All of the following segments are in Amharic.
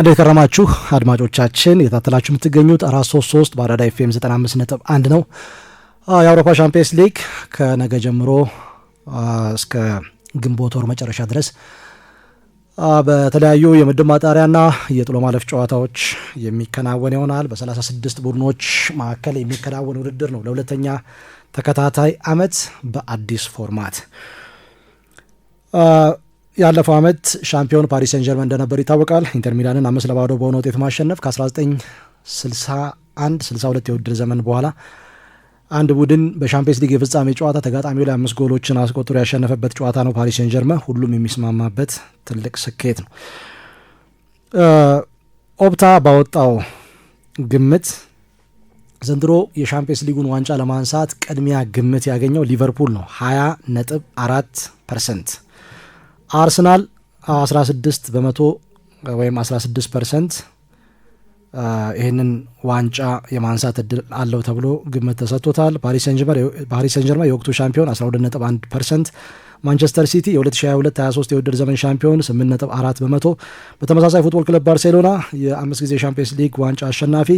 እንዴት ከረማችሁ አድማጮቻችን፣ የታተላችሁ የምትገኙት አራት ሶስት ሶስት በአራዳ ኤፍኤም ዘጠና አምስት ነጥብ አንድ ነው። የአውሮፓ ሻምፒየንስ ሊግ ከነገ ጀምሮ እስከ ግንቦት ወር መጨረሻ ድረስ በተለያዩ የምድብ ማጣሪያና የጥሎ ማለፍ ጨዋታዎች የሚከናወን ይሆናል። በ በ36 ቡድኖች መካከል የሚከናወን ውድድር ነው ለሁለተኛ ተከታታይ አመት በአዲስ ፎርማት ያለፈው ዓመት ሻምፒዮን ፓሪስ ሴን ጀርመን እንደነበር ይታወቃል። ኢንተር ሚላንን አምስት ለባዶ በሆነ ውጤት ማሸነፍ ከ1961 62 የውድድር ዘመን በኋላ አንድ ቡድን በሻምፒየንስ ሊግ የፍጻሜ ጨዋታ ተጋጣሚው ላይ አምስት ጎሎችን አስቆጥሮ ያሸነፈበት ጨዋታ ነው። ፓሪስ ሴን ጀርመን ሁሉም የሚስማማበት ትልቅ ስኬት ነው። ኦፕታ ባወጣው ግምት ዘንድሮ የሻምፒየንስ ሊጉን ዋንጫ ለማንሳት ቅድሚያ ግምት ያገኘው ሊቨርፑል ነው 20 ነጥብ አራት ፐርሰንት አርሰናል 16 በመቶ ወይም 16 ፐርሰንት ይህንን ዋንጫ የማንሳት እድል አለው ተብሎ ግምት ተሰጥቶታል። ፓሪስ ሰንጀርማ የወቅቱ ሻምፒዮን 12.1 ፐርሰንት፣ ማንቸስተር ሲቲ የ2022/23 የውድድር ዘመን ሻምፒዮን 8.4 በመቶ፣ በተመሳሳይ ፉትቦል ክለብ ባርሴሎና የአምስት ጊዜ ሻምፒየንስ ሊግ ዋንጫ አሸናፊ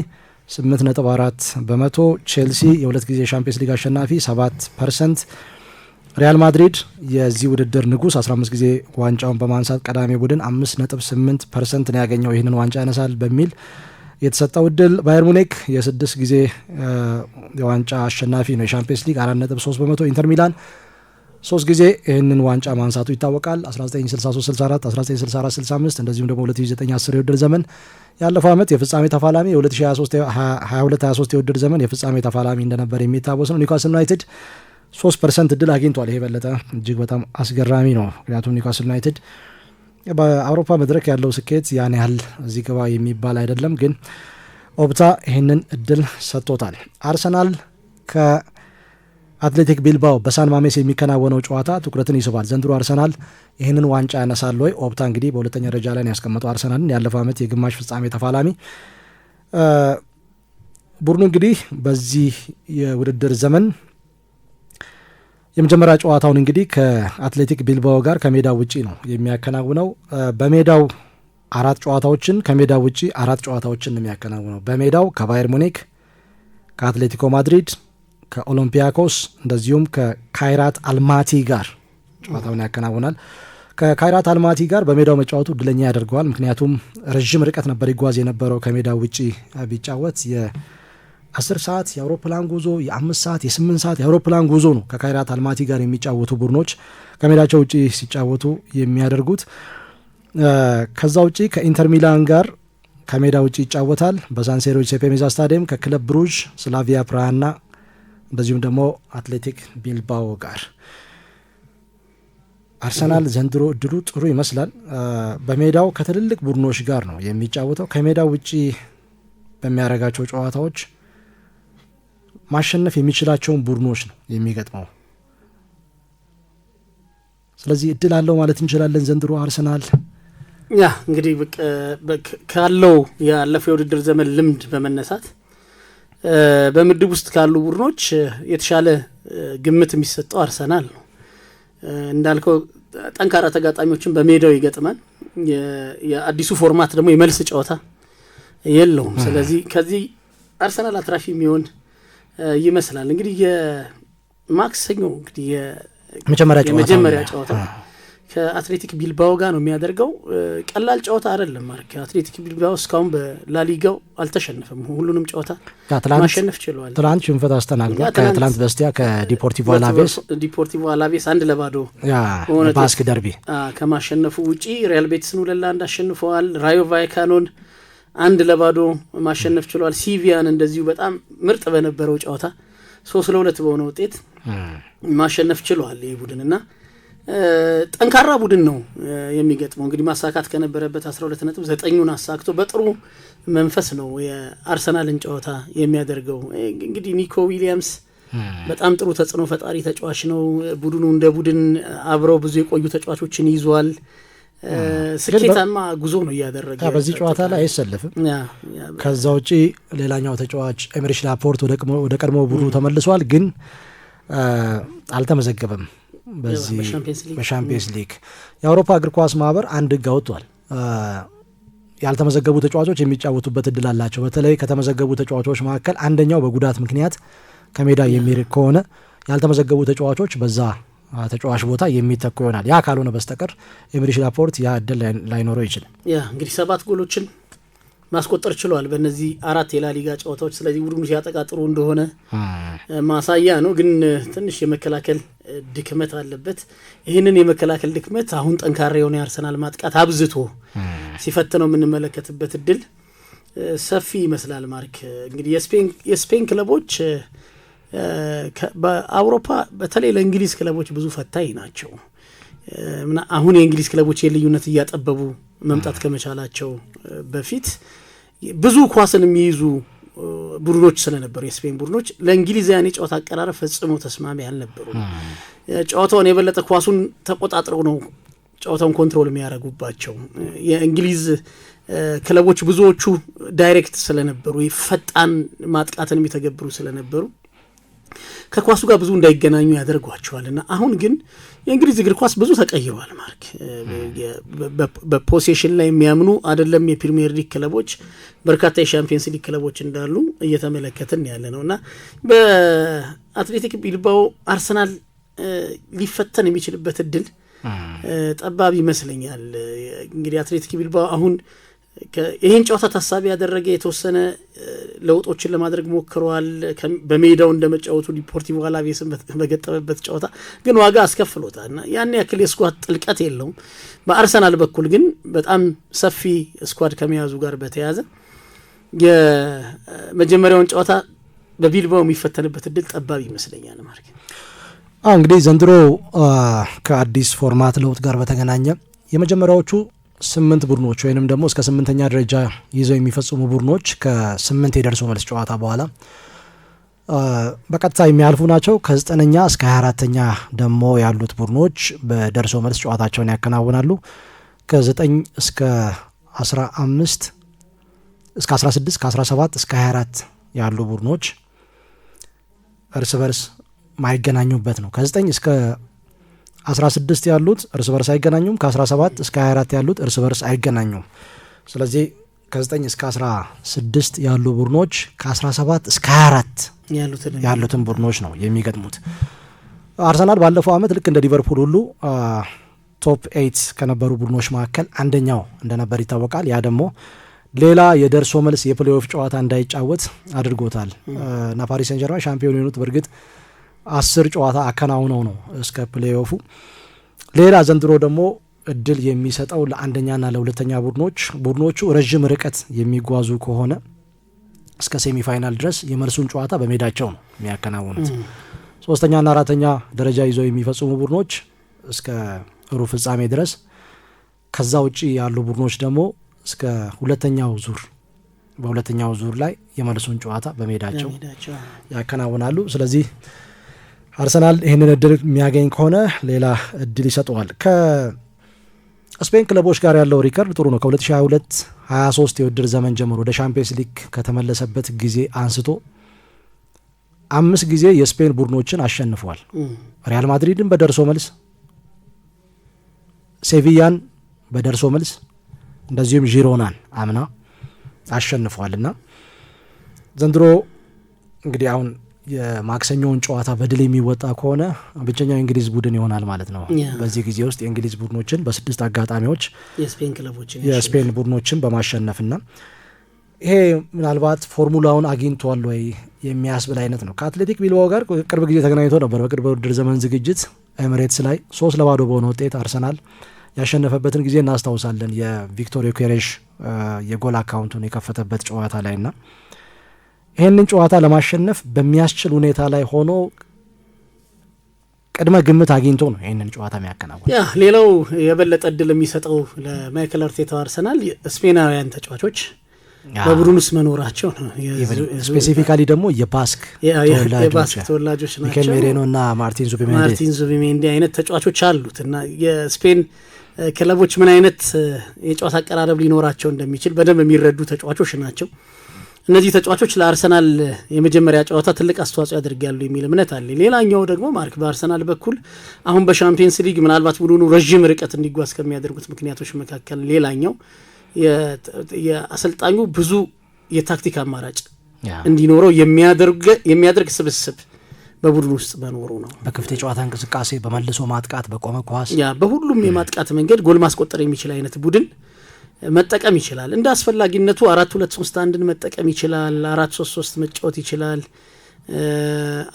8.4 በመቶ፣ ቼልሲ የሁለት ጊዜ ሻምፒየንስ ሊግ አሸናፊ 7 ፐርሰንት ሪያል ማድሪድ የዚህ ውድድር ንጉስ 15 ጊዜ ዋንጫውን በማንሳት ቀዳሚ ቡድን 5.8 ፐርሰንት ነው ያገኘው ይህንን ዋንጫ ያነሳል በሚል የተሰጠው እድል። ባየር ሙኒክ የስድስት ጊዜ የዋንጫ አሸናፊ ነው የሻምፒየንስ ሊግ 4.3 በመቶ። ኢንተር ሚላን ሶስት ጊዜ ይህንን ዋንጫ ማንሳቱ ይታወቃል። 1963/64፣ 1964/65 እንደዚሁም ደግሞ 2009/10 የውድድር ዘመን ያለፈው ዓመት የፍጻሜ ተፋላሚ የ2022/23 የውድድር ዘመን የፍጻሜ ተፋላሚ እንደነበር የሚታወስ ነው ኒውካስል ዩናይትድ ሶስት ፐርሰንት እድል አግኝቷል። ይሄ የበለጠ እጅግ በጣም አስገራሚ ነው። ምክንያቱም ኒውካስል ዩናይትድ በአውሮፓ መድረክ ያለው ስኬት ያን ያህል እዚህ ግባ የሚባል አይደለም፣ ግን ኦፕታ ይህንን እድል ሰጥቶታል። አርሰናል ከአትሌቲክ ቢልባው በሳን ማሜስ የሚከናወነው ጨዋታ ትኩረትን ይስባል። ዘንድሮ አርሰናል ይህንን ዋንጫ ያነሳል ወይ? ኦፕታ እንግዲህ በሁለተኛ ደረጃ ላይ ያስቀመጠው አርሰናልን ያለፈው ዓመት የግማሽ ፍጻሜ ተፋላሚ ቡድኑ እንግዲህ በዚህ የውድድር ዘመን የመጀመሪያ ጨዋታውን እንግዲህ ከአትሌቲክ ቢልባኦ ጋር ከሜዳ ውጪ ነው የሚያከናውነው። በሜዳው አራት ጨዋታዎችን ከሜዳ ውጪ አራት ጨዋታዎችን ነው የሚያከናውነው። በሜዳው ከባየር ሙኒክ፣ ከአትሌቲኮ ማድሪድ፣ ከኦሎምፒያኮስ እንደዚሁም ከካይራት አልማቲ ጋር ጨዋታውን ያከናውናል። ከካይራት አልማቲ ጋር በሜዳው መጫወቱ እድለኛ ያደርገዋል። ምክንያቱም ረዥም ርቀት ነበር ይጓዝ የነበረው ከሜዳው ውጪ ቢጫወት አስር ሰዓት የአውሮፕላን ጉዞ የአምስት ሰዓት የስምንት ሰዓት የአውሮፕላን ጉዞ ነው ከካይራት አልማቲ ጋር የሚጫወቱ ቡድኖች ከሜዳቸው ውጭ ሲጫወቱ የሚያደርጉት። ከዛ ውጪ ከኢንተር ሚላን ጋር ከሜዳ ውጭ ይጫወታል በሳንሴሮ ጁሴፔ ሜአዛ ስታዲየም ከክለብ ብሩዥ፣ ስላቪያ ፕራሃና እንደዚሁም ደግሞ አትሌቲክ ቢልባኦ ጋር። አርሰናል ዘንድሮ እድሉ ጥሩ ይመስላል። በሜዳው ከትልልቅ ቡድኖች ጋር ነው የሚጫወተው። ከሜዳው ውጪ በሚያደርጋቸው ጨዋታዎች ማሸነፍ የሚችላቸውን ቡድኖች ነው የሚገጥመው። ስለዚህ እድል አለው ማለት እንችላለን። ዘንድሮ አርሰናል ያ እንግዲህ ካለው ያለፈው የውድድር ዘመን ልምድ በመነሳት በምድብ ውስጥ ካሉ ቡድኖች የተሻለ ግምት የሚሰጠው አርሰናል ነው። እንዳልከው ጠንካራ ተጋጣሚዎችን በሜዳው ይገጥማል። የአዲሱ ፎርማት ደግሞ የመልስ ጨዋታ የለውም። ስለዚህ ከዚህ አርሰናል አትራፊ የሚሆን ይመስላል። እንግዲህ የማክሰኞ እንግዲህ የመጀመሪያ ጨዋታ ከአትሌቲክ ቢልባኦ ጋር ነው የሚያደርገው። ቀላል ጨዋታ አይደለም ማለት አትሌቲክ ቢልባኦ እስካሁን በላሊጋው አልተሸነፈም። ሁሉንም ጨዋታ ማሸነፍ ችለዋል። ትላንት ሽንፈት አስተናግዷል። ከትናንት በስቲያ ከዲፖርቲቮ አላቬስ ዲፖርቲቮ አላቬስ አንድ ለባዶ ባስክ ደርቢ ከማሸነፉ ውጪ ሪያል ቤቲስን ሁለት ለአንድ አሸንፈዋል። ራዮ ቫይካኖን አንድ ለባዶ ማሸነፍ ችሏል። ሲቪያን እንደዚሁ በጣም ምርጥ በነበረው ጨዋታ ሶስት ለሁለት በሆነ ውጤት ማሸነፍ ችሏል። ይህ ቡድን እና ጠንካራ ቡድን ነው የሚገጥመው። እንግዲህ ማሳካት ከነበረበት 12 ነጥብ ዘጠኙን አሳክቶ በጥሩ መንፈስ ነው የአርሰናልን ጨዋታ የሚያደርገው። እንግዲህ ኒኮ ዊሊያምስ በጣም ጥሩ ተጽዕኖ ፈጣሪ ተጫዋች ነው። ቡድኑ እንደ ቡድን አብረው ብዙ የቆዩ ተጫዋቾችን ይዟል። ስኬታማ ጉዞ ነው እያደረገ በዚህ ጨዋታ ላይ አይሰለፍም። ከዛ ውጪ ሌላኛው ተጫዋች ኤምሪሽ ላፖርት ወደ ቀድሞ ቡድኑ ተመልሷል፣ ግን አልተመዘገበም በዚህ በሻምፒየንስ ሊግ። የአውሮፓ እግር ኳስ ማህበር አንድ ህግ አውጥቷል። ያልተመዘገቡ ተጫዋቾች የሚጫወቱበት እድል አላቸው። በተለይ ከተመዘገቡ ተጫዋቾች መካከል አንደኛው በጉዳት ምክንያት ከሜዳ የሚርቅ ከሆነ ያልተመዘገቡ ተጫዋቾች በዛ ተጫዋች ቦታ የሚተኩ ይሆናል። ያ ካልሆነ በስተቀር ኤምሪሽ ላፖርት ያ እድል ላይኖረው ይችላል። ያ እንግዲህ ሰባት ጎሎችን ማስቆጠር ችሏል በእነዚህ አራት የላሊጋ ጨዋታዎች። ስለዚህ ቡድኑ ሲያጠቃ ጥሩ እንደሆነ ማሳያ ነው። ግን ትንሽ የመከላከል ድክመት አለበት። ይህንን የመከላከል ድክመት አሁን ጠንካራ የሆነ የአርሰናል ማጥቃት አብዝቶ ሲፈትነው የምንመለከትበት እድል ሰፊ ይመስላል። ማርክ እንግዲህ የስፔን ክለቦች በአውሮፓ በተለይ ለእንግሊዝ ክለቦች ብዙ ፈታኝ ናቸው። አሁን የእንግሊዝ ክለቦች የልዩነት እያጠበቡ መምጣት ከመቻላቸው በፊት ብዙ ኳስን የሚይዙ ቡድኖች ስለነበሩ የስፔን ቡድኖች ለእንግሊዛውያን የጨዋታ አቀራረብ ፈጽሞ ተስማሚ አልነበሩ። ጨዋታውን የበለጠ ኳሱን ተቆጣጥረው ነው ጨዋታውን ኮንትሮል የሚያደርጉባቸው። የእንግሊዝ ክለቦች ብዙዎቹ ዳይሬክት ስለነበሩ ፈጣን ማጥቃትን የሚተገብሩ ስለነበሩ ከኳሱ ጋር ብዙ እንዳይገናኙ ያደርጓቸዋል እና አሁን ግን የእንግሊዝ እግር ኳስ ብዙ ተቀይሯል። ማርክ በፖሴሽን ላይ የሚያምኑ አይደለም የፕሪሚየር ሊግ ክለቦች በርካታ የሻምፒየንስ ሊግ ክለቦች እንዳሉ እየተመለከትን ያለ ነው እና በአትሌቲክ ቢልባው አርሰናል ሊፈተን የሚችልበት እድል ጠባብ ይመስለኛል። እንግዲህ አትሌቲክ ቢልባው አሁን ይህን ጨዋታ ታሳቢ ያደረገ የተወሰነ ለውጦችን ለማድረግ ሞክረዋል። በሜዳው እንደመጫወቱ ዲፖርቲቮ አላቬስን በገጠመበት ጨዋታ ግን ዋጋ አስከፍሎታል እና ያን ያክል የስኳድ ጥልቀት የለውም። በአርሰናል በኩል ግን በጣም ሰፊ ስኳድ ከመያዙ ጋር በተያያዘ የመጀመሪያውን ጨዋታ በቢልባው የሚፈተንበት እድል ጠባብ ይመስለኛል። ማርክ እንግዲህ ዘንድሮ ከአዲስ ፎርማት ለውጥ ጋር በተገናኘ የመጀመሪያዎቹ ስምንት ቡድኖች ወይንም ደግሞ እስከ ስምንተኛ ደረጃ ይዘው የሚፈጽሙ ቡድኖች ከስምንት የደርሶ መልስ ጨዋታ በኋላ በቀጥታ የሚያልፉ ናቸው። ከዘጠነኛ እስከ ሀያ አራተኛ ደግሞ ያሉት ቡድኖች በደርሶ መልስ ጨዋታቸውን ያከናውናሉ። ከዘጠኝ እስከ አስራ አምስት እስከ አስራ ስድስት ከአስራ ሰባት እስከ ሀያ አራት ያሉ ቡድኖች እርስ በርስ ማይገናኙበት ነው። ከዘጠኝ እስከ 16 ያሉት እርስ በርስ አይገናኙም። ከ17 እስከ 24 ያሉት እርስ በርስ አይገናኙም። ስለዚህ ከ9 እስከ 16 ያሉ ቡድኖች ከ17 እስከ 24 ያሉትን ቡድኖች ነው የሚገጥሙት። አርሰናል ባለፈው ዓመት ልክ እንደ ሊቨርፑል ሁሉ ቶፕ ኤይት ከነበሩ ቡድኖች መካከል አንደኛው እንደነበር ይታወቃል። ያ ደግሞ ሌላ የደርሶ መልስ የፕሌኦፍ ጨዋታ እንዳይጫወት አድርጎታል እና ፓሪስ ሴንጀርማ ሻምፒዮን የሆኑት በእርግጥ አስር ጨዋታ አከናውነው ነው እስከ ፕሌኦፉ ሌላ ዘንድሮ ደግሞ እድል የሚሰጠው ለአንደኛና ለሁለተኛ ቡድኖች ቡድኖቹ ረዥም ርቀት የሚጓዙ ከሆነ እስከ ሴሚፋይናል ድረስ የመልሱን ጨዋታ በሜዳቸው ነው የሚያከናውኑት። ሶስተኛና አራተኛ ደረጃ ይዘው የሚፈጽሙ ቡድኖች እስከ ሩብ ፍጻሜ ድረስ፣ ከዛ ውጪ ያሉ ቡድኖች ደግሞ እስከ ሁለተኛው ዙር በሁለተኛው ዙር ላይ የመልሱን ጨዋታ በሜዳቸው ያከናውናሉ። ስለዚህ አርሰናል ይህንን እድል የሚያገኝ ከሆነ ሌላ እድል ይሰጠዋል። ከስፔን ክለቦች ጋር ያለው ሪከርድ ጥሩ ነው። ከ2022 23 የውድድር ዘመን ጀምሮ ወደ ሻምፒየንስ ሊግ ከተመለሰበት ጊዜ አንስቶ አምስት ጊዜ የስፔን ቡድኖችን አሸንፏል። ሪያል ማድሪድን በደርሶ መልስ፣ ሴቪያን በደርሶ መልስ እንደዚሁም ዢሮናን አምና አሸንፏልና ዘንድሮ እንግዲህ አሁን የማክሰኞውን ጨዋታ በድል የሚወጣ ከሆነ ብቸኛው የእንግሊዝ ቡድን ይሆናል ማለት ነው። በዚህ ጊዜ ውስጥ የእንግሊዝ ቡድኖችን በስድስት አጋጣሚዎች የስፔን ቡድኖችን በማሸነፍና ይሄ ምናልባት ፎርሙላውን አግኝቷል ወይ የሚያስብል አይነት ነው። ከአትሌቲክ ቢልባኦ ጋር ቅርብ ጊዜ ተገናኝቶ ነበር። በቅርብ ውድድር ዘመን ዝግጅት ኤምሬትስ ላይ ሶስት ለባዶ በሆነ ውጤት አርሰናል ያሸነፈበትን ጊዜ እናስታውሳለን። የቪክቶሪ ዮኬሬሽ የጎል አካውንቱን የከፈተበት ጨዋታ ላይ ና ይህንን ጨዋታ ለማሸነፍ በሚያስችል ሁኔታ ላይ ሆኖ ቅድመ ግምት አግኝቶ ነው ይህንን ጨዋታ የሚያከናውን። ያ ሌላው የበለጠ እድል የሚሰጠው ለማይክል አርቴታ አርሰናል ስፔናውያን ተጫዋቾች በቡድን ውስጥ መኖራቸው ነው። ስፔሲፊካሊ ደግሞ የባስክ ተወላጆች ናቸው። ሚኬል ሜሬኖ እና ማርቲን ዙቢሜንዲ አይነት ተጫዋቾች አሉት እና የስፔን ክለቦች ምን አይነት የጨዋታ አቀራረብ ሊኖራቸው እንደሚችል በደንብ የሚረዱ ተጫዋቾች ናቸው። እነዚህ ተጫዋቾች ለአርሰናል የመጀመሪያ ጨዋታ ትልቅ አስተዋጽኦ ያደርጋሉ የሚል እምነት አለ። ሌላኛው ደግሞ ማርክ በአርሰናል በኩል አሁን በሻምፒየንስ ሊግ ምናልባት ቡድኑ ረዥም ርቀት እንዲጓዝ ከሚያደርጉት ምክንያቶች መካከል ሌላኛው የአሰልጣኙ ብዙ የታክቲክ አማራጭ እንዲኖረው የሚያደርግ ስብስብ በቡድን ውስጥ መኖሩ ነው። በክፍት የጨዋታ እንቅስቃሴ፣ በመልሶ ማጥቃት፣ በቆመ ኳስ፣ በሁሉም የማጥቃት መንገድ ጎል ማስቆጠር የሚችል አይነት ቡድን መጠቀም ይችላል። እንደ አስፈላጊነቱ አራት ሁለት ሶስት አንድን መጠቀም ይችላል። አራት ሶስት ሶስት መጫወት ይችላል።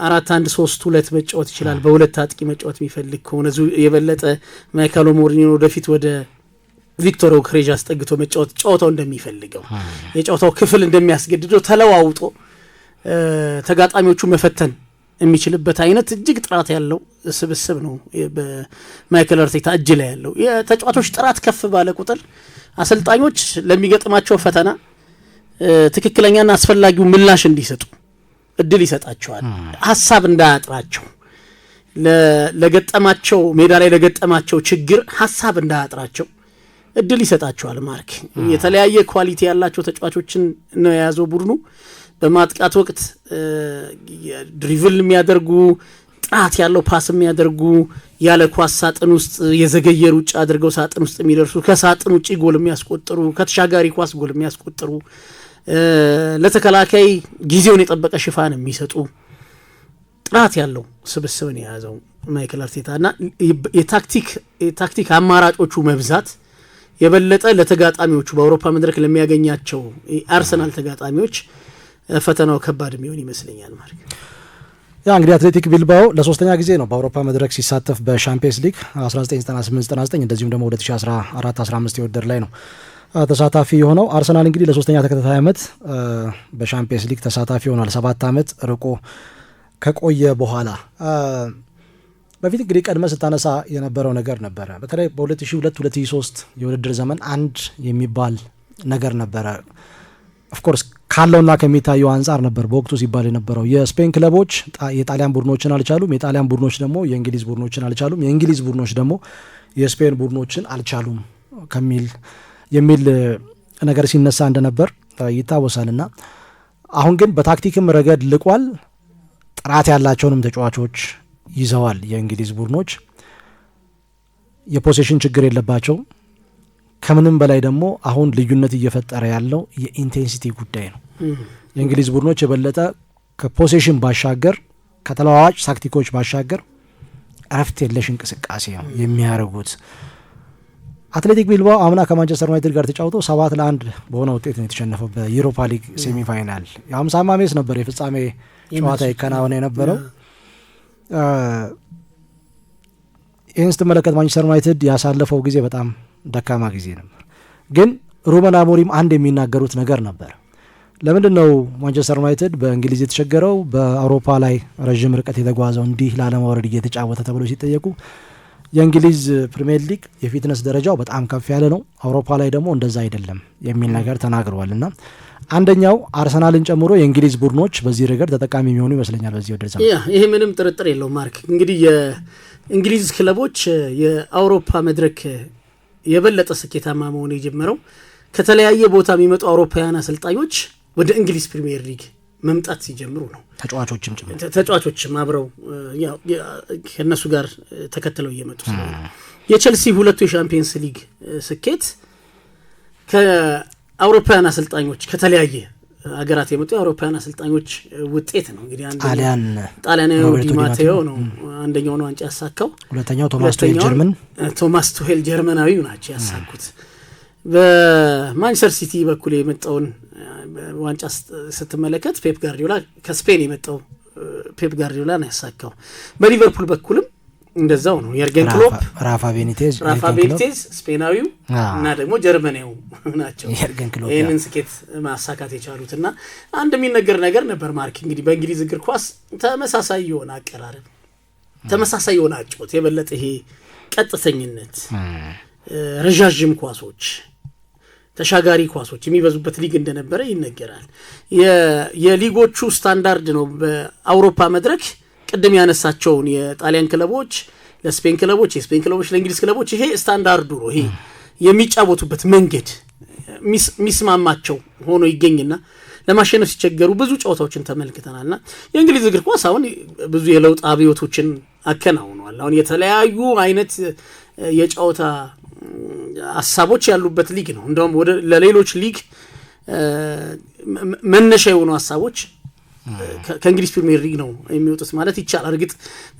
አራት አንድ ሶስት ሁለት መጫወት ይችላል። በሁለት አጥቂ መጫወት የሚፈልግ ከሆነ ዙ የበለጠ ማይካሎ ሞሪኒዮ ወደፊት ወደ ቪክቶር ኦክሬጅ አስጠግቶ መጫወት ጨዋታው እንደሚፈልገው የጨዋታው ክፍል እንደሚያስገድደው ተለዋውጦ ተጋጣሚዎቹ መፈተን የሚችልበት አይነት እጅግ ጥራት ያለው ስብስብ ነው በማይክል አርቴታ እጅ ላይ ያለው። የተጫዋቾች ጥራት ከፍ ባለ ቁጥር አሰልጣኞች ለሚገጥማቸው ፈተና ትክክለኛና አስፈላጊው ምላሽ እንዲሰጡ እድል ይሰጣቸዋል። ሀሳብ እንዳያጥራቸው ለገጠማቸው ሜዳ ላይ ለገጠማቸው ችግር ሀሳብ እንዳያጥራቸው እድል ይሰጣቸዋል። ማርክ የተለያየ ኳሊቲ ያላቸው ተጫዋቾችን ነው የያዘው ቡድኑ። በማጥቃት ወቅት ድሪቭል የሚያደርጉ ጥራት ያለው ፓስ የሚያደርጉ ያለ ኳስ ሳጥን ውስጥ የዘገየ ሩጫ አድርገው ሳጥን ውስጥ የሚደርሱ ከሳጥን ውጭ ጎል የሚያስቆጥሩ ከተሻጋሪ ኳስ ጎል የሚያስቆጥሩ ለተከላካይ ጊዜውን የጠበቀ ሽፋን የሚሰጡ ጥራት ያለው ስብስብን የያዘው ማይክል አርቴታ እና የታክቲክ አማራጮቹ መብዛት የበለጠ ለተጋጣሚዎቹ በአውሮፓ መድረክ ለሚያገኛቸው አርሰናል ተጋጣሚዎች ፈተናው ከባድ የሚሆን ይመስለኛል ማለት ያ እንግዲህ አትሌቲክ ቢልባኦ ለሶስተኛ ጊዜ ነው በአውሮፓ መድረክ ሲሳተፍ በሻምፒየንስ ሊግ 1998/99 እንደዚሁም ደግሞ 2014/15 የውድድር ላይ ነው ተሳታፊ የሆነው። አርሰናል እንግዲህ ለሶስተኛ ተከታታይ ዓመት በሻምፒየንስ ሊግ ተሳታፊ ሆኗል። ሰባት ዓመት ርቆ ከቆየ በኋላ። በፊት እንግዲህ ቀድመ ስታነሳ የነበረው ነገር ነበረ። በተለይ በ2002/2003 የውድድር ዘመን አንድ የሚባል ነገር ነበረ ኦፍኮርስ ካለውና ከሚታየው አንጻር ነበር በወቅቱ ሲባል የነበረው። የስፔን ክለቦች የጣሊያን ቡድኖችን አልቻሉም፣ የጣሊያን ቡድኖች ደግሞ የእንግሊዝ ቡድኖችን አልቻሉም፣ የእንግሊዝ ቡድኖች ደግሞ የስፔን ቡድኖችን አልቻሉም ከሚል የሚል ነገር ሲነሳ እንደነበር ይታወሳልና አሁን ግን በታክቲክም ረገድ ልቋል። ጥራት ያላቸውንም ተጫዋቾች ይዘዋል። የእንግሊዝ ቡድኖች የፖሴሽን ችግር የለባቸው። ከምንም በላይ ደግሞ አሁን ልዩነት እየፈጠረ ያለው የኢንቴንሲቲ ጉዳይ ነው። የእንግሊዝ ቡድኖች የበለጠ ከፖሴሽን ባሻገር ከተለዋዋጭ ታክቲኮች ባሻገር እረፍት የለሽ እንቅስቃሴ ነው የሚያደርጉት። አትሌቲክ ቢልባ አምና ከማንቸስተር ዩናይትድ ጋር ተጫውቶ ሰባት ለአንድ በሆነ ውጤት ነው የተሸነፈው በዩሮፓ ሊግ ሴሚፋይናል። የአምሳ ማሜስ ነበር የፍጻሜ ጨዋታ ይከናወነ የነበረው። ይህን ስትመለከት ማንቸስተር ዩናይትድ ያሳለፈው ጊዜ በጣም ደካማ ጊዜ ነበር። ግን ሩበን አሞሪም አንድ የሚናገሩት ነገር ነበር። ለምንድን ነው ማንቸስተር ዩናይትድ በእንግሊዝ የተቸገረው በአውሮፓ ላይ ረዥም ርቀት የተጓዘው እንዲህ ላለመውረድ እየተጫወተ ተብሎ ሲጠየቁ የእንግሊዝ ፕሪምየር ሊግ የፊትነስ ደረጃው በጣም ከፍ ያለ ነው፣ አውሮፓ ላይ ደግሞ እንደዛ አይደለም የሚል ነገር ተናግረዋል። እና አንደኛው አርሰናልን ጨምሮ የእንግሊዝ ቡድኖች በዚህ ረገድ ተጠቃሚ የሚሆኑ ይመስለኛል። በዚህ ወደ ይህ ምንም ጥርጥር የለው። ማርክ እንግዲህ የእንግሊዝ ክለቦች የአውሮፓ መድረክ የበለጠ ስኬታማ መሆን የጀመረው ከተለያየ ቦታ የሚመጡ አውሮፓውያን አሰልጣኞች ወደ እንግሊዝ ፕሪሚየር ሊግ መምጣት ሲጀምሩ ነው። ተጫዋቾችም ጭምር ተጫዋቾችም አብረው ከእነሱ ጋር ተከትለው እየመጡ ስለሆነ የቸልሲ ሁለቱ የሻምፒየንስ ሊግ ስኬት ከአውሮፓውያን አሰልጣኞች ከተለያየ ሀገራት የመጡ የአውሮፓውያን አሰልጣኞች ውጤት ነው። እንግዲህ ጣሊያን ጣሊያናዊ ዲ ማቴዎ ነው አንደኛው ነው ዋንጫ ያሳካው። ሁለተኛው ቶማስ ቱሄል ጀርመን ቶማስ ቱሄል ጀርመናዊ ናቸው ያሳኩት። በማንቸስተር ሲቲ በኩል የመጣውን ዋንጫ ስትመለከት ፔፕ ጋርዲዮላ ከስፔን የመጣው ፔፕ ጋርዲዮላ ነው ያሳካው። በሊቨርፑል በኩልም እንደዛው ነው። የርገን ክሎፕ፣ ራፋ ቤኒቴዝ፣ ራፋ ቤኒቴዝ ስፔናዊው እና ደግሞ ጀርመናዊው ናቸው ይህንን ስኬት ማሳካት የቻሉት እና አንድ የሚነገር ነገር ነበር ማርክ እንግዲህ በእንግሊዝ እግር ኳስ ተመሳሳይ የሆነ አቀራረብ፣ ተመሳሳይ የሆነ አጮት፣ የበለጠ ይሄ ቀጥተኝነት፣ ረዣዥም ኳሶች፣ ተሻጋሪ ኳሶች የሚበዙበት ሊግ እንደነበረ ይነገራል። የሊጎቹ ስታንዳርድ ነው በአውሮፓ መድረክ ቅድም ያነሳቸውን የጣሊያን ክለቦች ለስፔን ክለቦች፣ የስፔን ክለቦች ለእንግሊዝ ክለቦች ይሄ ስታንዳርዱ ነው። ይሄ የሚጫወቱበት መንገድ ሚስማማቸው ሆኖ ይገኝና ለማሸነፍ ሲቸገሩ ብዙ ጨዋታዎችን ተመልክተናል። ና የእንግሊዝ እግር ኳስ አሁን ብዙ የለውጥ አብዮቶችን አከናውኗል። አሁን የተለያዩ አይነት የጨዋታ ሀሳቦች ያሉበት ሊግ ነው። እንደውም ለሌሎች ሊግ መነሻ የሆኑ ሀሳቦች ከእንግሊዝ ፕሪሚየር ሊግ ነው የሚወጡት ማለት ይቻላል። እርግጥ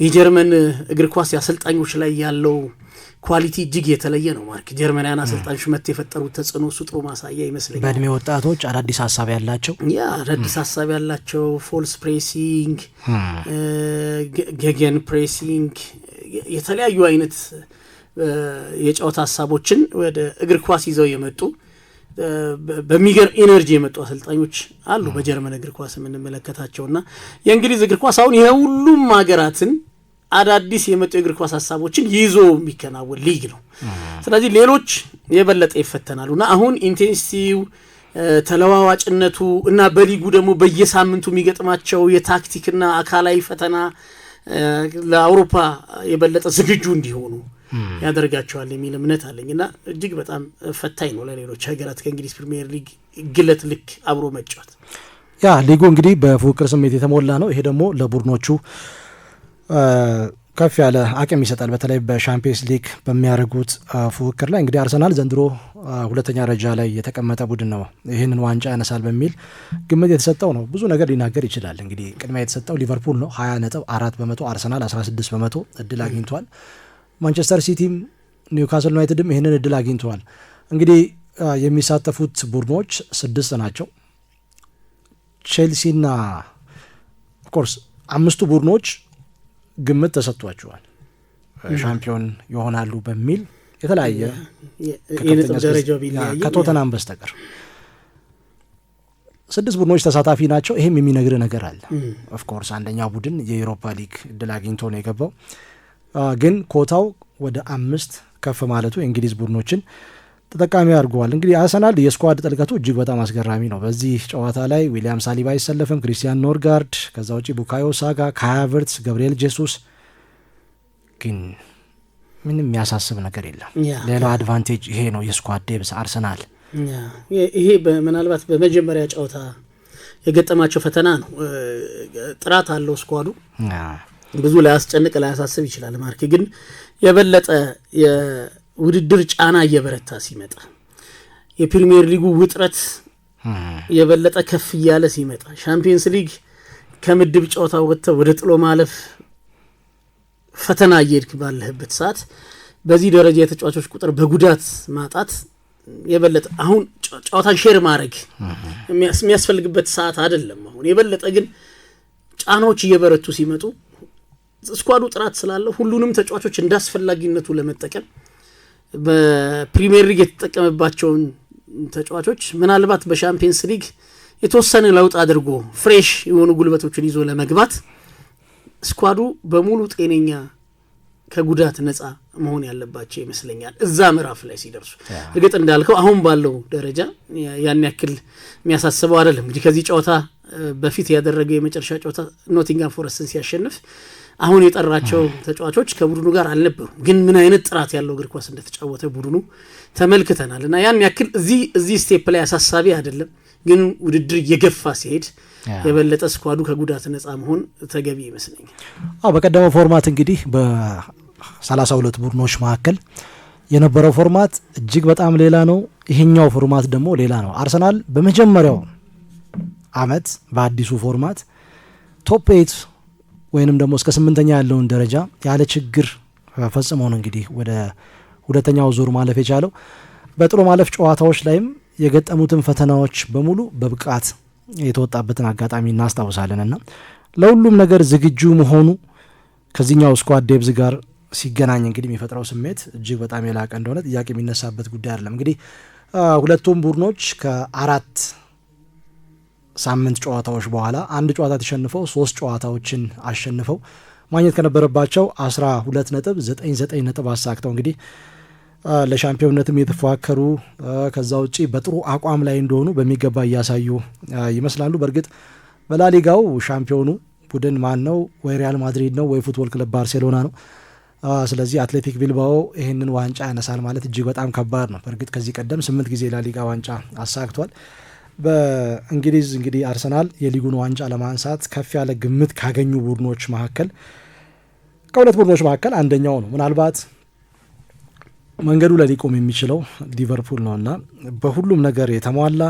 የጀርመን እግር ኳስ የአሰልጣኞች ላይ ያለው ኳሊቲ እጅግ የተለየ ነው። ማርክ ጀርመናውያን አሰልጣኞች መት የፈጠሩት ተጽዕኖ እሱ ጥሩ ማሳያ ይመስለኛል። በእድሜ ወጣቶች አዳዲስ ሀሳብ ያላቸው ያ አዳዲስ ሀሳብ ያላቸው ፎልስ ፕሬሲንግ፣ ጌጌን ፕሬሲንግ የተለያዩ አይነት የጨዋታ ሀሳቦችን ወደ እግር ኳስ ይዘው የመጡ በሚገርም ኤነርጂ የመጡ አሰልጣኞች አሉ በጀርመን እግር ኳስ የምንመለከታቸው እና የእንግሊዝ እግር ኳስ አሁን የሁሉም ሀገራትን አዳዲስ የመጡ የእግር ኳስ ሀሳቦችን ይዞ የሚከናወን ሊግ ነው። ስለዚህ ሌሎች የበለጠ ይፈተናሉ እና አሁን ኢንቴንሲቲው ተለዋዋጭነቱ እና በሊጉ ደግሞ በየሳምንቱ የሚገጥማቸው የታክቲክና አካላዊ ፈተና ለአውሮፓ የበለጠ ዝግጁ እንዲሆኑ ያደርጋቸዋል የሚል እምነት አለኝ እና እጅግ በጣም ፈታኝ ነው ለሌሎች ሀገራት ከእንግሊዝ ፕሪሚየር ሊግ ግለት ልክ አብሮ መጫወት። ያ ሊጉ እንግዲህ በፉክክር ስሜት የተሞላ ነው። ይሄ ደግሞ ለቡድኖቹ ከፍ ያለ አቅም ይሰጣል። በተለይ በሻምፒየንስ ሊግ በሚያደርጉት ፉክክር ላይ እንግዲህ አርሰናል ዘንድሮ ሁለተኛ ደረጃ ላይ የተቀመጠ ቡድን ነው። ይህንን ዋንጫ ያነሳል በሚል ግምት የተሰጠው ነው። ብዙ ነገር ሊናገር ይችላል። እንግዲህ ቅድሚያ የተሰጠው ሊቨርፑል ነው፣ ሀያ ነጥብ አራት በመቶ አርሰናል አስራ ስድስት በመቶ እድል አግኝቷል። ማንቸስተር ሲቲም ኒውካስል ዩናይትድም ይህንን እድል አግኝተዋል። እንግዲህ የሚሳተፉት ቡድኖች ስድስት ናቸው። ቼልሲና ኮርስ አምስቱ ቡድኖች ግምት ተሰጥቷቸዋል ሻምፒዮን ይሆናሉ በሚል የተለያየ ከቶተናም በስተቀር ስድስት ቡድኖች ተሳታፊ ናቸው። ይሄም የሚነግር ነገር አለ። ኦፍኮርስ አንደኛው ቡድን የዩሮፓ ሊግ እድል አግኝቶ ነው የገባው። ግን ኮታው ወደ አምስት ከፍ ማለቱ የእንግሊዝ ቡድኖችን ተጠቃሚ አድርገዋል። እንግዲህ አርሰናል የስኳድ ጥልቀቱ እጅግ በጣም አስገራሚ ነው። በዚህ ጨዋታ ላይ ዊሊያም ሳሊባ አይሰለፍም፣ ክሪስቲያን ኖርጋርድ፣ ከዛ ውጪ ቡካዮ ሳጋ፣ ካይ ገብርኤል ጄሱስ ግን ምንም የሚያሳስብ ነገር የለም። ሌላው አድቫንቴጅ ይሄ ነው የስኳድ ዴብስ አርሰናል ይሄ ምናልባት በመጀመሪያ ጨዋታ የገጠማቸው ፈተና ነው። ጥራት አለው ስኳዱ ብዙ ላያስጨንቅ ላያሳስብ ይችላል። ማርክ ግን የበለጠ የውድድር ጫና እየበረታ ሲመጣ የፕሪሚየር ሊጉ ውጥረት የበለጠ ከፍ እያለ ሲመጣ ሻምፒየንስ ሊግ ከምድብ ጨዋታ ወጥተህ ወደ ጥሎ ማለፍ ፈተና እየሄድክ ባለህበት ሰዓት በዚህ ደረጃ የተጫዋቾች ቁጥር በጉዳት ማጣት የበለጠ አሁን ጨዋታን ሼር ማድረግ የሚያስፈልግበት ሰዓት አይደለም። አሁን የበለጠ ግን ጫናዎች እየበረቱ ሲመጡ ስኳዱ ጥራት ስላለው ሁሉንም ተጫዋቾች እንደ አስፈላጊነቱ ለመጠቀም በፕሪሚየር ሊግ የተጠቀመባቸውን ተጫዋቾች ምናልባት በሻምፒየንስ ሊግ የተወሰነ ለውጥ አድርጎ ፍሬሽ የሆኑ ጉልበቶችን ይዞ ለመግባት ስኳዱ በሙሉ ጤነኛ ከጉዳት ነጻ መሆን ያለባቸው ይመስለኛል። እዛ ምዕራፍ ላይ ሲደርሱ እርግጥ እንዳልከው አሁን ባለው ደረጃ ያን ያክል የሚያሳስበው አይደለም። እንግዲህ ከዚህ ጨዋታ በፊት ያደረገው የመጨረሻ ጨዋታ ኖቲንጋም ፎረስትን ሲያሸንፍ አሁን የጠራቸው ተጫዋቾች ከቡድኑ ጋር አልነበሩም። ግን ምን አይነት ጥራት ያለው እግር ኳስ እንደተጫወተ ቡድኑ ተመልክተናል እና ያን ያክል እዚህ እዚህ ስቴፕ ላይ አሳሳቢ አይደለም። ግን ውድድር እየገፋ ሲሄድ የበለጠ ስኳዱ ከጉዳት ነጻ መሆን ተገቢ ይመስለኛል። አዎ በቀደመው ፎርማት እንግዲህ በሰላሳ ሁለት ቡድኖች መካከል የነበረው ፎርማት እጅግ በጣም ሌላ ነው። ይሄኛው ፎርማት ደግሞ ሌላ ነው። አርሰናል በመጀመሪያው አመት በአዲሱ ፎርማት ቶፕ ኤት ወይንም ደግሞ እስከ ስምንተኛ ያለውን ደረጃ ያለ ችግር ፈጽሞ ነው እንግዲህ ወደ ሁለተኛው ዙር ማለፍ የቻለው። በጥሎ ማለፍ ጨዋታዎች ላይም የገጠሙትን ፈተናዎች በሙሉ በብቃት የተወጣበትን አጋጣሚ እናስታውሳለን ና ለሁሉም ነገር ዝግጁ መሆኑ ከዚህኛው ስኳድ ዴብዝ ጋር ሲገናኝ እንግዲህ የሚፈጥረው ስሜት እጅግ በጣም የላቀ እንደሆነ ጥያቄ የሚነሳበት ጉዳይ አይደለም። እንግዲህ ሁለቱም ቡድኖች ከአራት ሳምንት ጨዋታዎች በኋላ አንድ ጨዋታ ተሸንፈው ሶስት ጨዋታዎችን አሸንፈው ማግኘት ከነበረባቸው 12 ነጥብ 99 ነጥብ አሳክተው እንግዲህ ለሻምፒዮንነትም የተፎካከሩ ከዛ ውጪ በጥሩ አቋም ላይ እንደሆኑ በሚገባ እያሳዩ ይመስላሉ። በእርግጥ በላሊጋው ሻምፒዮኑ ቡድን ማን ነው? ወይ ሪያል ማድሪድ ነው ወይ ፉትቦል ክለብ ባርሴሎና ነው። ስለዚህ አትሌቲክ ቢልባኦ ይህንን ዋንጫ ያነሳል ማለት እጅግ በጣም ከባድ ነው። በእርግጥ ከዚህ ቀደም ስምንት ጊዜ ላሊጋ ዋንጫ አሳክቷል። በእንግሊዝ እንግዲህ አርሰናል የሊጉን ዋንጫ ለማንሳት ከፍ ያለ ግምት ካገኙ ቡድኖች መካከል ከሁለት ቡድኖች መካከል አንደኛው ነው። ምናልባት መንገዱ ሊቆም የሚችለው ሊቨርፑል ነው እና በሁሉም ነገር የተሟላ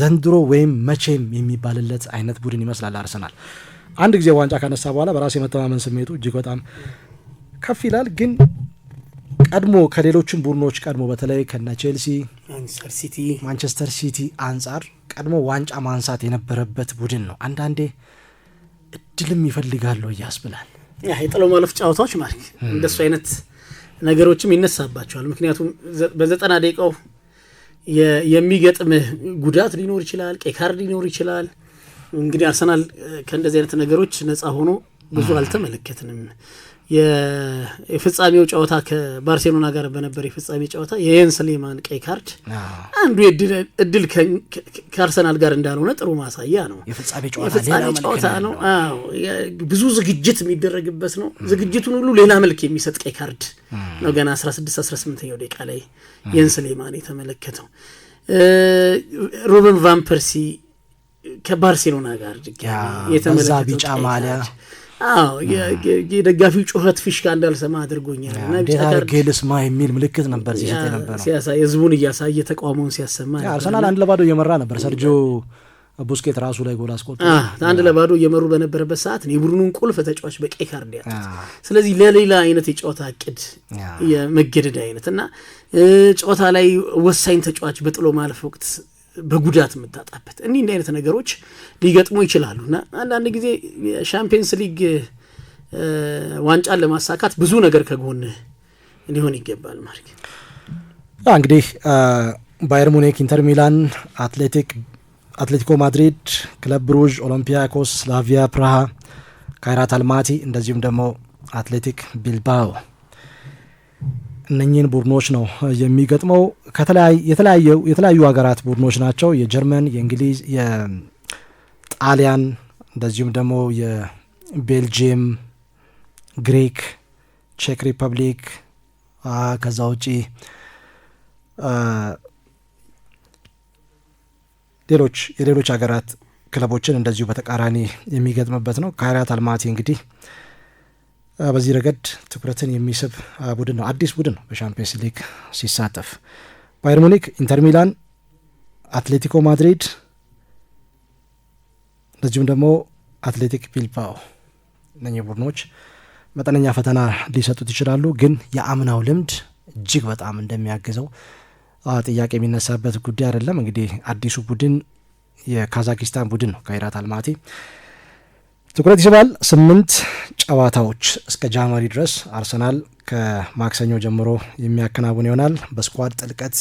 ዘንድሮ ወይም መቼም የሚባልለት አይነት ቡድን ይመስላል አርሰናል። አንድ ጊዜ ዋንጫ ካነሳ በኋላ በራስ የመተማመን ስሜቱ እጅግ በጣም ከፍ ይላል። ግን ቀድሞ ከሌሎችም ቡድኖች ቀድሞ በተለይ ከነ ቼልሲ ማንቸስተር ሲቲ አንጻር ቀድሞ ዋንጫ ማንሳት የነበረበት ቡድን ነው። አንዳንዴ እድልም ይፈልጋሉ እያስብላል። የጥሎ ማለፍ ጨዋታዎች ማለት እንደሱ አይነት ነገሮችም ይነሳባቸዋል። ምክንያቱም በዘጠና ደቂቃው የሚገጥምህ ጉዳት ሊኖር ይችላል፣ ቀይ ካርድ ሊኖር ይችላል። እንግዲህ አርሰናል ከእንደዚህ አይነት ነገሮች ነጻ ሆኖ ብዙ አልተመለከትንም። የፍጻሜው ጨዋታ ከባርሴሎና ጋር በነበር የፍጻሜ ጨዋታ የየንስ ስሌማን ቀይ ካርድ አንዱ እድል ከአርሰናል ጋር እንዳልሆነ ጥሩ ማሳያ ነው። የፍጻሜ ጨዋታ ነው። ብዙ ዝግጅት የሚደረግበት ነው። ዝግጅቱን ሁሉ ሌላ መልክ የሚሰጥ ቀይ ካርድ ነው። ገና 16 18ኛው ደቂቃ ላይ የን ስሌማን የተመለከተው ሮበን ቫን ፐርሲ ከባርሴሎና ጋር ድጋሚ የተመለከተው ቢጫ ማሊያ አዎ የደጋፊው ጩኸት ፊሽካ እንዳልሰማ አድርጎኛልናጌልስማ የሚል ምልክት ነበር ሲሰጥ ነበር፣ እያሳየ ተቃውሞውን ሲያሰማ አርሰናል አንድ ለባዶ እየመራ ነበር። ሰርጆ ቡስኬት ራሱ ላይ ጎል አስቆጥሮ አንድ ለባዶ እየመሩ በነበረበት ሰዓት የቡድኑን ቁልፍ ተጫዋች በቀይ ካርድ ያጣት። ስለዚህ ለሌላ አይነት የጨዋታ እቅድ የመገደድ አይነት እና ጨዋታ ላይ ወሳኝ ተጫዋች በጥሎ ማለፍ ወቅት በጉዳት የምታጣበት እንዲህ እንዲህ አይነት ነገሮች ሊገጥሙ ይችላሉ እና አንዳንድ ጊዜ የሻምፒየንስ ሊግ ዋንጫን ለማሳካት ብዙ ነገር ከጎን ሊሆን ይገባል። ማለት እንግዲህ ባየር ሙኒክ፣ ኢንተር ሚላን፣ አትሌቲክ አትሌቲኮ ማድሪድ፣ ክለብ ብሩዥ፣ ኦሎምፒያኮስ፣ ላቪያ ፕራሃ፣ ካይራት አልማቲ እንደዚሁም ደግሞ አትሌቲክ ቢልባኦ እነኚህን ቡድኖች ነው የሚገጥመው። የተለያዩ ሀገራት ቡድኖች ናቸው። የጀርመን፣ የእንግሊዝ፣ የጣሊያን እንደዚሁም ደግሞ የቤልጅየም፣ ግሪክ፣ ቼክ ሪፐብሊክ ከዛ ውጪ ሌሎች የሌሎች ሀገራት ክለቦችን እንደዚሁ በተቃራኒ የሚገጥምበት ነው። ካይራት አልማቲ እንግዲህ በዚህ ረገድ ትኩረትን የሚስብ ቡድን ነው። አዲስ ቡድን ነው በሻምፒየንስ ሊግ ሲሳተፍ። ባየር ሙኒክ፣ ኢንተር ሚላን፣ አትሌቲኮ ማድሪድ እንደዚሁም ደግሞ አትሌቲክ ቢልባኦ እነኚህ ቡድኖች መጠነኛ ፈተና ሊሰጡት ይችላሉ። ግን የአምናው ልምድ እጅግ በጣም እንደሚያግዘው ጥያቄ የሚነሳበት ጉዳይ አይደለም። እንግዲህ አዲሱ ቡድን የካዛኪስታን ቡድን ነው ከሂራት አልማቲ ትኩረት ይስባል። ስምንት ጨዋታዎች እስከ ጃንዋሪ ድረስ አርሰናል ከማክሰኞ ጀምሮ የሚያከናውን ይሆናል። በስኳድ ጥልቀት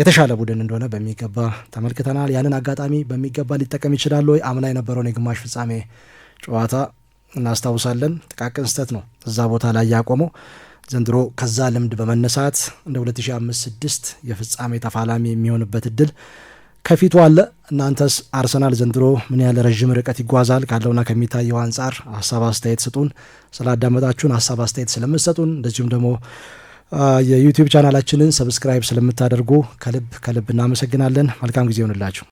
የተሻለ ቡድን እንደሆነ በሚገባ ተመልክተናል። ያንን አጋጣሚ በሚገባ ሊጠቀም ይችላል ወይ? አምና የነበረውን የግማሽ ፍጻሜ ጨዋታ እናስታውሳለን። ጥቃቅን ስህተት ነው እዛ ቦታ ላይ ያቆመው። ዘንድሮ ከዛ ልምድ በመነሳት እንደ 2005/06 የፍጻሜ ተፋላሚ የሚሆንበት እድል ከፊቱ አለ። እናንተስ አርሰናል ዘንድሮ ምን ያህል ረዥም ርቀት ይጓዛል ካለውና ከሚታየው አንጻር ሀሳብ አስተያየት ስጡን። ስላዳመጣችሁን፣ ሀሳብ አስተያየት ስለምትሰጡን እንደዚሁም ደግሞ የዩቲዩብ ቻናላችንን ሰብስክራይብ ስለምታደርጉ ከልብ ከልብ እናመሰግናለን። መልካም ጊዜ ይሆንላችሁ።